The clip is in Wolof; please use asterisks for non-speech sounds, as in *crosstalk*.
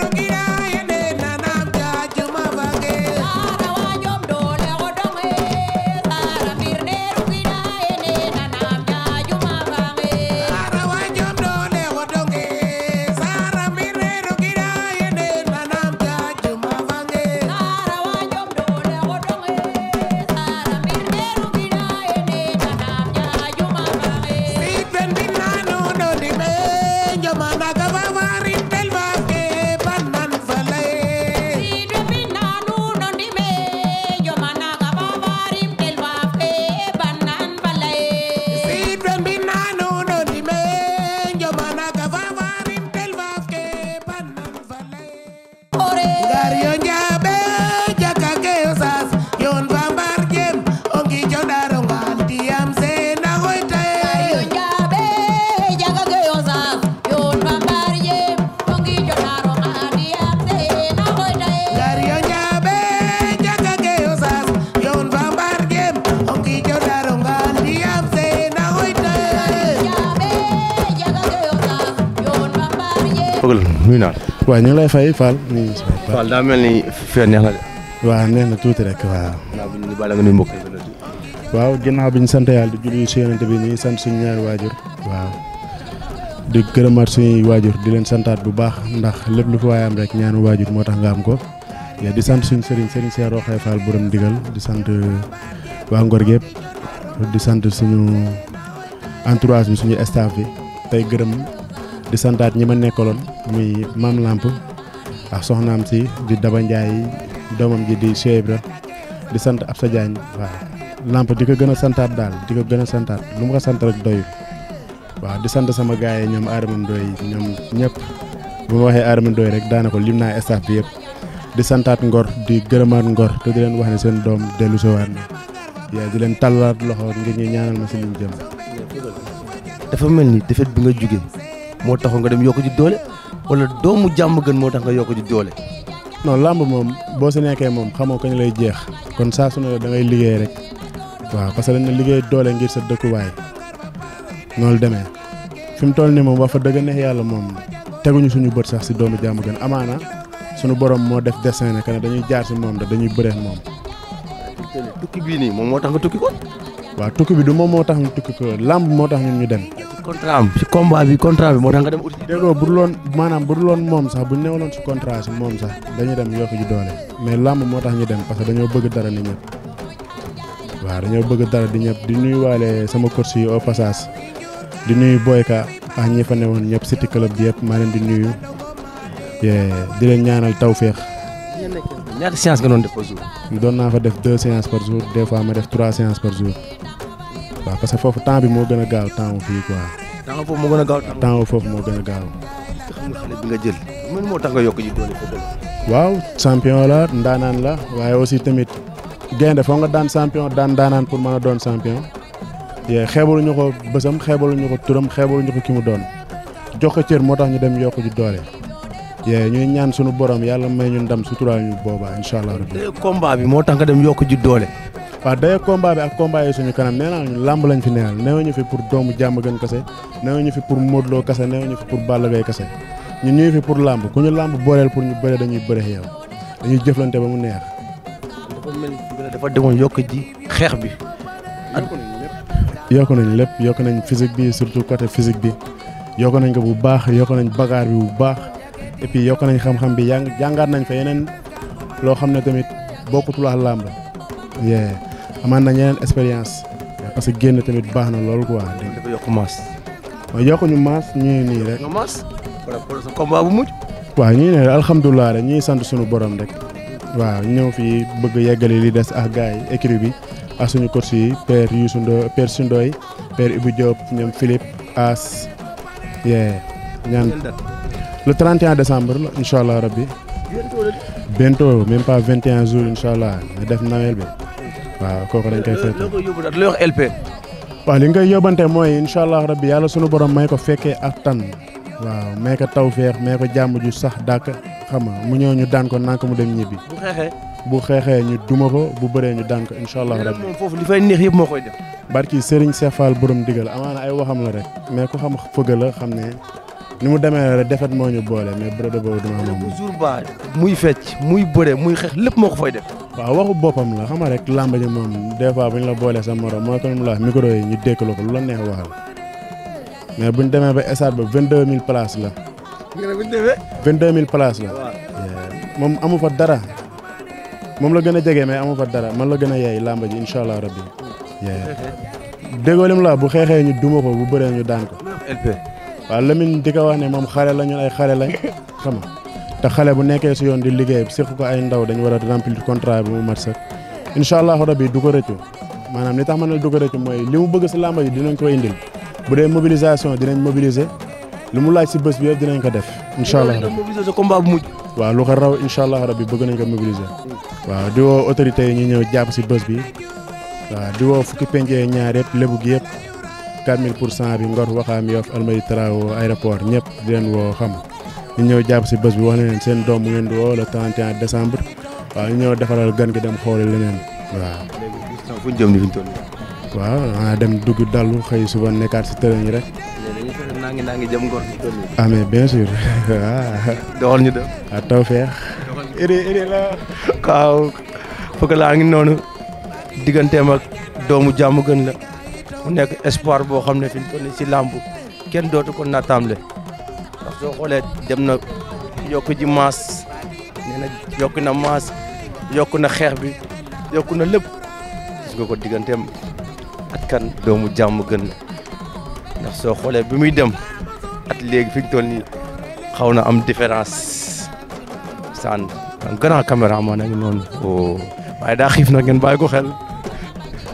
quiero que nuyu naa waaw ñu ngi lay fay Fall. Fall daa mel ni fee neex na de. waaw neex na tuuti rek waaw. ginnaaw bi ñu waaw ginnaaw bi ñu sant yàlla di julli si yonent bi ñu ngi sant suñu ñaari waajur. waaw di gërëmaat suñuy waajur di leen santaat bu baax ndax lépp lu fi waay am rek ñaanu waajur moo tax nga am ko. di sant suñu sëriñ sëriñ Cheikh Roxaye Fall borom digal di sant uh, waa Ngor gépp di sant suñu entourage bi suñu staff bi tey gërëm di santaat ñi ma nekkaloon. muy Maam Lamp ak soxnaam si di Daba Ndiaye doomam ji di Cheikh di sant ab sa jaañ waaw Lamp di ko gën a santaat daal di ko gën santaat lu mu ko sant rek doyul waaw di sant sama gars yi ñoom Adama Ndoye ñoom bu ma waxee Adama rek daana ko lim naa staff bi yëpp di santaat ngor di gërëmaat ngor te di leen wax ne seen doom dellu sowaat na yaa di leen tàllaat loxo ngir ñu ñaanal ma si liñ jëm dafa mel ni defet bi nga jóge moo taxoon nga dem yokk wala doomu jàmm gën moo tax nga yokk ci doole. non làmb moom boo si nekkee moom xamoo kañ lay jeex kon saa su ne da liggéey rek waaw parce que dañ liggéey doole ngir sa dëkkuwaay noonu demee fi mu toll nii moom wax fa dëgg neex yàlla moom teguñu suñu bët sax si doomu jàmm gën amaana suñu borom moo def dessin ne que dañuy jaar si moom da dañuy bëree moom. tukki moom moo tax nga tukki ko. waaw tukki bi du moom moo tax ñu tukki ko làmb moo tax ñun ñu dem. contrat am si combat bi contrat bi moo tax nga dem uti. déggoo bu dul woon maanaam bu dul woon moom sax bu ñu newaloon si contrat si moom sax dañuy dem yokk ji doole mais làmb moo tax ñu dem parce que dañoo bëgg dara waaw dañoo bëgg dara di ñëpp di nuyuwaale sama coach yi passage di nuyu Boyka ak ñi fa newoon ñëpp city club bi yëpp maa leen di nuyu di leen ñaanal tawféex. ñaata séance nga doon doon naa fa def deux séances par jour des fois ma def trois séances par jour. quoi parce que foofu temps bi moo gën a gaaw temps fii quoi. temps foofu moo gën a gaaw temps foofu moo gën a gaaw. xam bi nga jël man moo tax nga yokk ji doole waaw champion la ndaanaan la waaye aussi tamit gaynde foo nga daan champion daan ndaanaan pour man a doon champion. yee xeebaluñu ko bësam xeebaluñu ko turam xeebaluñu ko ki mu doon jox ko moo tax ñu dem yokk ji doole. yee ñuy ñaan sunu borom yàlla may ñu ndam suturaal ñu boobaa incha allah. combat moo tax nga dem yokk ji doole. waaw dayoo combat bi ak combat yi suñu kanam nee ñu làmb lañ fi neenal ñu fi pour doomu jàmm gën kase ñu fi pour Modou Lo kase newuñu fi pour Balla Gaye kase ñu ñuy fi pour làmb ku ñu làmb booleel pour ñu bëre dañuy bëre yow dañuy jëflante ba mu neex. dafa mel dafa demoon yokk ji xeex bi. yokk nañ lépp yokk nañ physique bi surtout côté physique bi yokk nañ ko bu baax yokk nañ bagaar bi bu baax et yokk nañ xam-xam bi jàngaat nañ fa yeneen loo xam ne tamit bokkutulaax làmb. amaan na ñeneen expérience parce que génn tamit baax na loolu quoi dégg nga. dafa yokk maas. waaw yokkuñu maas ñu nii rek. waa maas. wala sa ñu rek ñuy sant suñu borom rek. waaw ñëw fi bëgg yeggali li des ak gars yi écrit bi ak suñu coach yi père Youssou Ndoye père Sundoy père Ibou Diop ñoom Philippe As. ñaan le 31 décembre la incha allah rabbi bientôt même pas 21 jours incha allah def Noël bi. waaw kooku dañ koy féete. li wax LP. waaw li nga koy mooy incha allah rabbi yàlla sunu borom may ko fekkee ak tan waaw may ko tawféex may ko jàmm ju sax dàkk xam nga mu ñëw ñu daan ko nànk mu dem ñibbi. bu xeexee. bu xeexee ñu duma ko bu bëree ñu daan ko incha rabbi. moom foofu li fay neex yëpp moo koy def. barki Serigne Cheikh Fall borom digal amaana ay waxam la rek mais ku xam fëgg la xam ne ni mu demee rek defet moo ñu boole mais Brodé boobu dama moom toujours ba muy fecc muy bëre muy xeex lépp moo ko def waaw waxu boppam la xam nga rek làmb ji moom des fois bu ñu la boolee sa morom moo comme la micro yi ñu dékkaloo ko lu la neex waxal mais bu ñu demee ba stade ba 22000 places la. nga ne bu ñu demee. 22000 la. moom amu fa dara moom la gën a jege mais amu fa dara man la gën a yeey làmb ji incha allah rabbi. *laughs* déggoo lim la bu xeexee ñu duma ko bu bëree ñu daan waaw Lamine di ko wax ne moom xale la ñun ay xale lañ xam nga te xale bu nekkee si yoon di liggéey séq ko ay ndaw dañu war a remplir contrat bi mu mat sax incha allahu rabi du ko rëccu maanaam li tax man na dugg ko rëccu mooy li mu bëgg si làmba yi dinañ ko indil bu dee mobilisation dinañ mobiliser lu mu laaj si bés bi yëpp dinañ ko def. incha allah mobiliser combat bu mujj. waaw lu ko raw incha allah rabi bëgg nañ ko mobiliser. waaw di woo yi ñu ñëw jàpp si bés bi waaw di fukki penc ñaar yëpp lébu yëpp. 4000 pour cent bi Ngor Waxaam Yoff Almadi Taraawo aéroport ñëpp di leen woo xam ñu ñëw jàpp si bés bi wax na leen seen doom bu ngeen di woo le 31 décembre waaw ñu ñëw defaral gan gi dem xoole leneen waaw. léegi fu ñu jëm ni fi ñu waaw dem dugg dallu xëy suba nekkaat si terrain yi rek. naa ah, bien sûr *laughs* waaw. doxal ñu dem. waaw ah, tawfeex. iri iri la waaw fëkk ngi noonu digganteem ak doomu jàmm gën la. mu nekk espoir boo xam ne fi si làmb kenn dootu ko naataamle ndax soo xoolee dem na yokk ji maas nee yokk na maas yokk na xeex bi yokk na lépp gis ko digganteem at kan doomu jàmm gën la soo xoolee bi muy dem at léegi fi xaw na am différence saan un grand caméraman a ngi noonu oh, waaye daa xiif na ngeen bàyyi ko xel